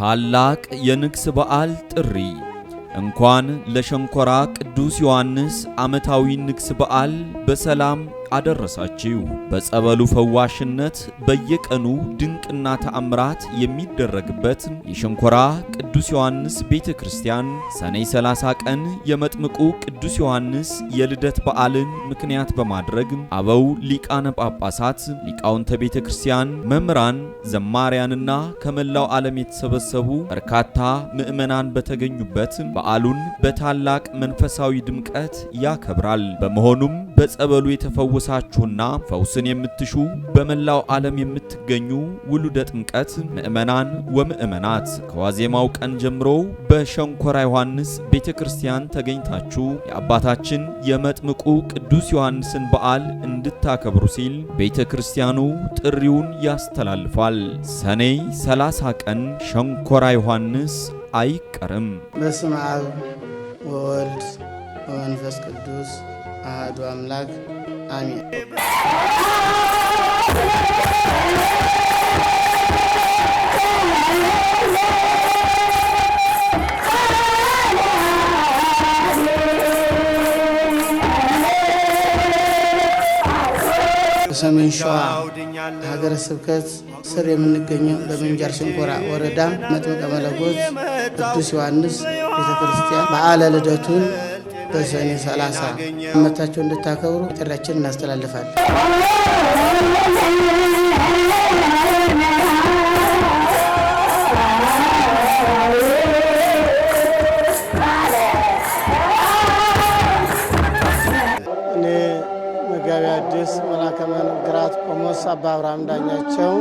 ታላቅ የንግስ በዓል ጥሪ እንኳን ለሸንኮራ ቅዱስ ዮሐንስ ዓመታዊ ንግስ በዓል በሰላም አደረሳችሁ። በጸበሉ ፈዋሽነት በየቀኑ ድንቅና ተአምራት የሚደረግበት የሸንኮራ ቅዱስ ዮሐንስ ቤተ ክርስቲያን ሰኔ 30 ቀን የመጥምቁ ቅዱስ ዮሐንስ የልደት በዓልን ምክንያት በማድረግ አበው ሊቃነ ጳጳሳት፣ ሊቃውንተ ቤተ ክርስቲያን፣ መምህራን፣ ዘማሪያንና ከመላው ዓለም የተሰበሰቡ በርካታ ምዕመናን በተገኙበት በዓሉን በታላቅ መንፈሳዊ ድምቀት ያከብራል። በመሆኑም በጸበሉ የተፈወ የሚፈውሳችሁና ፈውስን የምትሹ በመላው ዓለም የምትገኙ ውሉደ ጥምቀት ምእመናን ወምእመናት ከዋዜማው ቀን ጀምሮ በሸንኮራ ዮሐንስ ቤተ ክርስቲያን ተገኝታችሁ የአባታችን የመጥምቁ ቅዱስ ዮሐንስን በዓል እንድታከብሩ ሲል ቤተ ክርስቲያኑ ጥሪውን ያስተላልፋል። ሰኔ 30 ቀን ሸንኮራ ዮሐንስ አይቀርም። በስመ አብ ወወልድ ወመንፈስ ቅዱስ አህዱ አምላክ አሚን። ሰሜን ሸዋ ሀገረ ስብከት ስር የምንገኘው በምንጃር ሽንኮራ ወረዳ መጥምቀ መለኮት ቅዱስ ዮሐንስ ቤተክርስቲያን በአለ በዓለ ልደቱን በሰኔ 30 ዓመታቸውን እንድታከብሩ ጥሪያችን እናስተላልፋለን። እኔ መጋቢ አዲስ መላከ መንክራት ቆሞስ አባ አብርሃም ዳኛቸው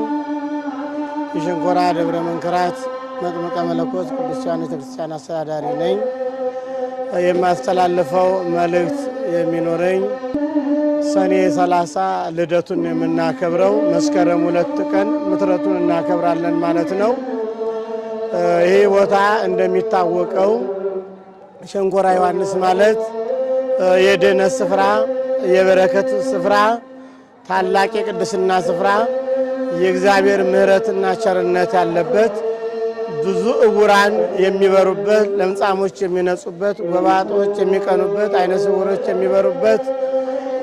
የሸንኮራ ደብረ መንክራት መጥምቀ መለኮት ቅዱስ ዮሐንስ ቤተክርስቲያን አስተዳዳሪ ነኝ። የማስተላልፈው መልእክት የሚኖረኝ ሰኔ 30 ልደቱን የምናከብረው መስከረም ሁለት ቀን ምትረቱን እናከብራለን ማለት ነው። ይህ ቦታ እንደሚታወቀው ሸንኮራ ዮሐንስ ማለት የድህነት ስፍራ፣ የበረከት ስፍራ፣ ታላቅ የቅድስና ስፍራ፣ የእግዚአብሔር ምሕረትና ቸርነት ያለበት ብዙ እውራን የሚበሩበት፣ ለምጻሞች የሚነጹበት፣ ጎባጦች የሚቀኑበት፣ አይነ ስውሮች የሚበሩበት፣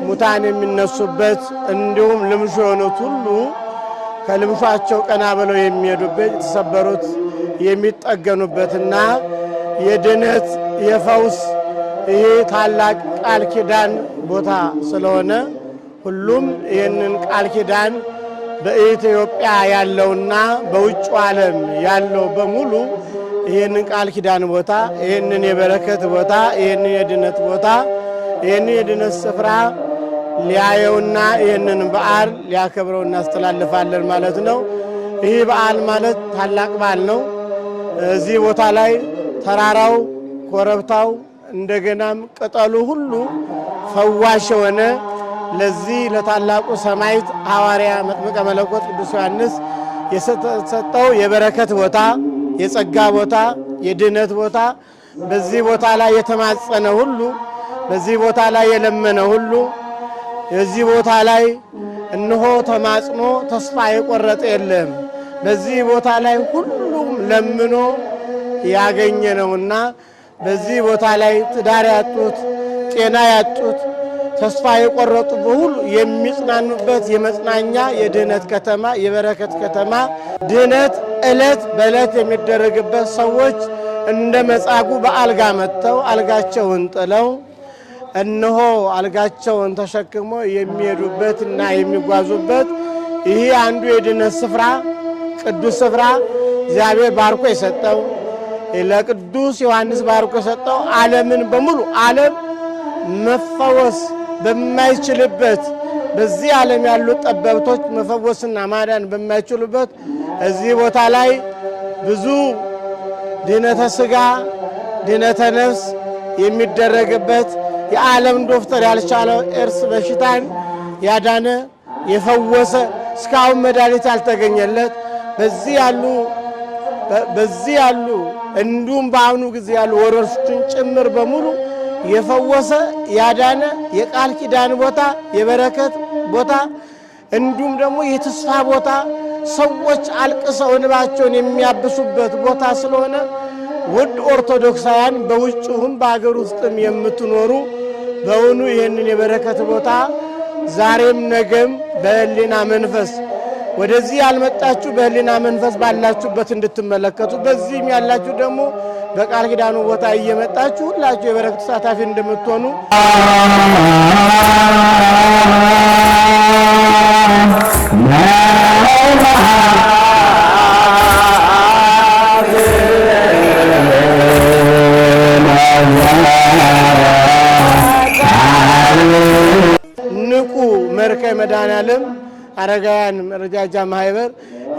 ሙታን የሚነሱበት እንዲሁም ልምሹ የሆኑት ሁሉ ከልምሿቸው ቀና ብለው የሚሄዱበት የተሰበሩት የሚጠገኑበትና የድነት የፈውስ ይህ ታላቅ ቃል ኪዳን ቦታ ስለሆነ ሁሉም ይህንን ቃል ኪዳን በኢትዮጵያ ያለውና በውጭ ዓለም ያለው በሙሉ ይህንን ቃል ኪዳን ቦታ ይህንን የበረከት ቦታ ይህንን የድነት ቦታ ይህንን የድነት ስፍራ ሊያየውና ይህንን በዓል ሊያከብረው እናስተላልፋለን ማለት ነው። ይህ በዓል ማለት ታላቅ በዓል ነው። እዚህ ቦታ ላይ ተራራው፣ ኮረብታው እንደገናም ቅጠሉ ሁሉ ፈዋሽ የሆነ ለዚህ ለታላቁ ሰማዕት ሐዋርያ መጥምቀ መለኮት ቅዱስ ዮሐንስ የሰጠው የበረከት ቦታ፣ የጸጋ ቦታ፣ የድህነት ቦታ በዚህ ቦታ ላይ የተማጸነ ሁሉ በዚህ ቦታ ላይ የለመነ ሁሉ የዚህ ቦታ ላይ እነሆ ተማጽኖ ተስፋ የቆረጠ የለም። በዚህ ቦታ ላይ ሁሉም ለምኖ ያገኘ ነውና በዚህ ቦታ ላይ ትዳር ያጡት፣ ጤና ያጡት ተስፋ የቆረጡ በሁሉ የሚጽናኑበት የመጽናኛ የድህነት ከተማ የበረከት ከተማ ድህነት ዕለት በዕለት የሚደረግበት ሰዎች እንደ መጻጉ በአልጋ መጥተው አልጋቸውን ጥለው እነሆ አልጋቸውን ተሸክሞ የሚሄዱበትና የሚጓዙበት ይህ አንዱ የድህነት ስፍራ ቅዱስ ስፍራ እግዚአብሔር ባርኮ የሰጠው ለቅዱስ ዮሐንስ ባርኮ የሰጠው ዓለምን በሙሉ ዓለም መፈወስ በማይችልበት በዚህ ዓለም ያሉት ጠበብቶች መፈወስና ማዳን በማይችሉበት እዚህ ቦታ ላይ ብዙ ድነተ ስጋ ድነተ ነፍስ የሚደረግበት የዓለም ዶክተር ያልቻለው ኤርስ በሽታን ያዳነ የፈወሰ እስካሁን መድኃኒት ያልተገኘለት በዚህ ያሉ በዚህ ያሉ እንዲሁም በአሁኑ ጊዜ ያሉ ወረርሽኝ ጭምር በሙሉ የፈወሰ ያዳነ የቃል ኪዳን ቦታ የበረከት ቦታ እንዲሁም ደግሞ የተስፋ ቦታ ሰዎች አልቅሰው እንባቸውን የሚያብሱበት ቦታ ስለሆነ ውድ ኦርቶዶክሳውያን በውጭውም በአገር ውስጥም የምትኖሩ በውኑ ይህንን የበረከት ቦታ ዛሬም ነገም በህሊና መንፈስ ወደዚህ ያልመጣችሁ በህሊና መንፈስ ባላችሁበት እንድትመለከቱ በዚህም ያላችሁ ደግሞ በቃል ኪዳኑ ቦታ እየመጣችሁ ሁላችሁ የበረከት ተሳታፊ እንደምትሆኑ ንቁ መርከብ መድኃኔዓለም አረጋውያን መረጃጃ ማህበር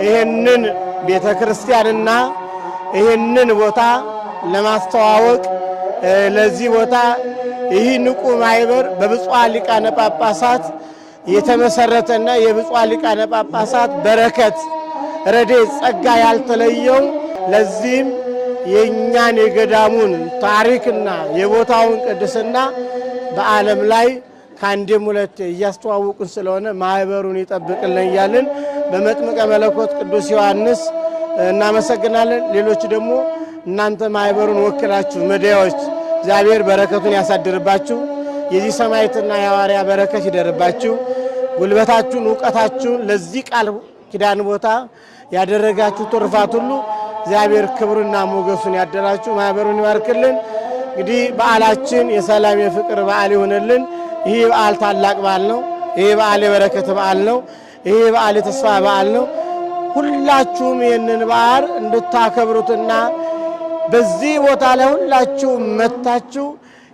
ይህንን ቤተ ክርስቲያንና ይህንን ቦታ ለማስተዋወቅ ለዚህ ቦታ ይህ ንቁ ማህበር በብፁዓን ሊቃነ ጳጳሳት የተመሰረተና የብፁዓን ሊቃነ ጳጳሳት በረከት፣ ረዴ ጸጋ ያልተለየው ለዚህም የእኛን የገዳሙን ታሪክና የቦታውን ቅድስና በዓለም ላይ ከአንዴም ሁለቴ እያስተዋውቁን ስለሆነ ማህበሩን ይጠብቅልን እያልን በመጥምቀ መለኮት ቅዱስ ዮሐንስ እናመሰግናለን። ሌሎች ደግሞ እናንተ ማህበሩን ወክላችሁ መዲያዎች እግዚአብሔር በረከቱን ያሳድርባችሁ። የዚህ ሰማዕትና የሐዋርያ በረከት ይደርባችሁ። ጉልበታችሁን፣ እውቀታችሁን ለዚህ ቃል ኪዳን ቦታ ያደረጋችሁ ትርፋት ሁሉ እግዚአብሔር ክብሩና ሞገሱን ያደራችሁ ማህበሩን ይባርክልን። እንግዲህ በዓላችን የሰላም የፍቅር በዓል ይሆንልን። ይህ በዓል ታላቅ በዓል ነው። ይህ በዓል የበረከት በዓል ነው። ይህ በዓል የተስፋ በዓል ነው። ሁላችሁም ይህንን በዓል እንድታከብሩትና በዚህ ቦታ ላይ ሁላችሁ መታችሁ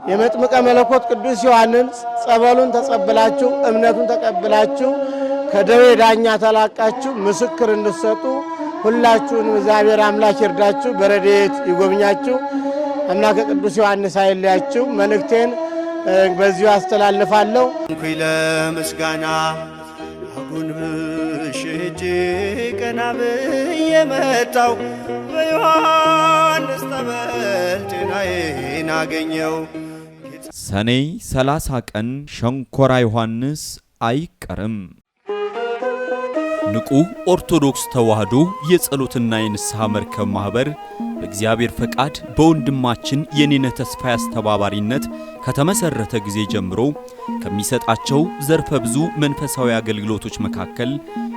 የመጥምቀ መለኮት ቅዱስ ዮሐንስ ጸበሉን ተጸብላችሁ እምነቱን ተቀብላችሁ ከደዌ ዳኛ ተላቃችሁ ምስክር እንድትሰጡ ሁላችሁንም እግዚአብሔር አምላክ ይርዳችሁ፣ በረድኤት ይጎብኛችሁ። አምላከ ቅዱስ ዮሐንስ አይለያችሁ። መልእክቴን በዚሁ አስተላልፋለሁ። ኩለ አሁን ደጅ ቀና ብዬ መጣው በዮሐንስ ጠበል ጤናዬን አገኘው። ሰኔ 30 ቀን ሸንኮራ ዮሐንስ አይቀርም። ንቁ ኦርቶዶክስ ተዋህዶ የጸሎትና የንስሐ መርከብ ማኅበር በእግዚአብሔር ፈቃድ በወንድማችን የኔነ ተስፋ አስተባባሪነት ከተመሠረተ ጊዜ ጀምሮ ከሚሰጣቸው ዘርፈ ብዙ መንፈሳዊ አገልግሎቶች መካከል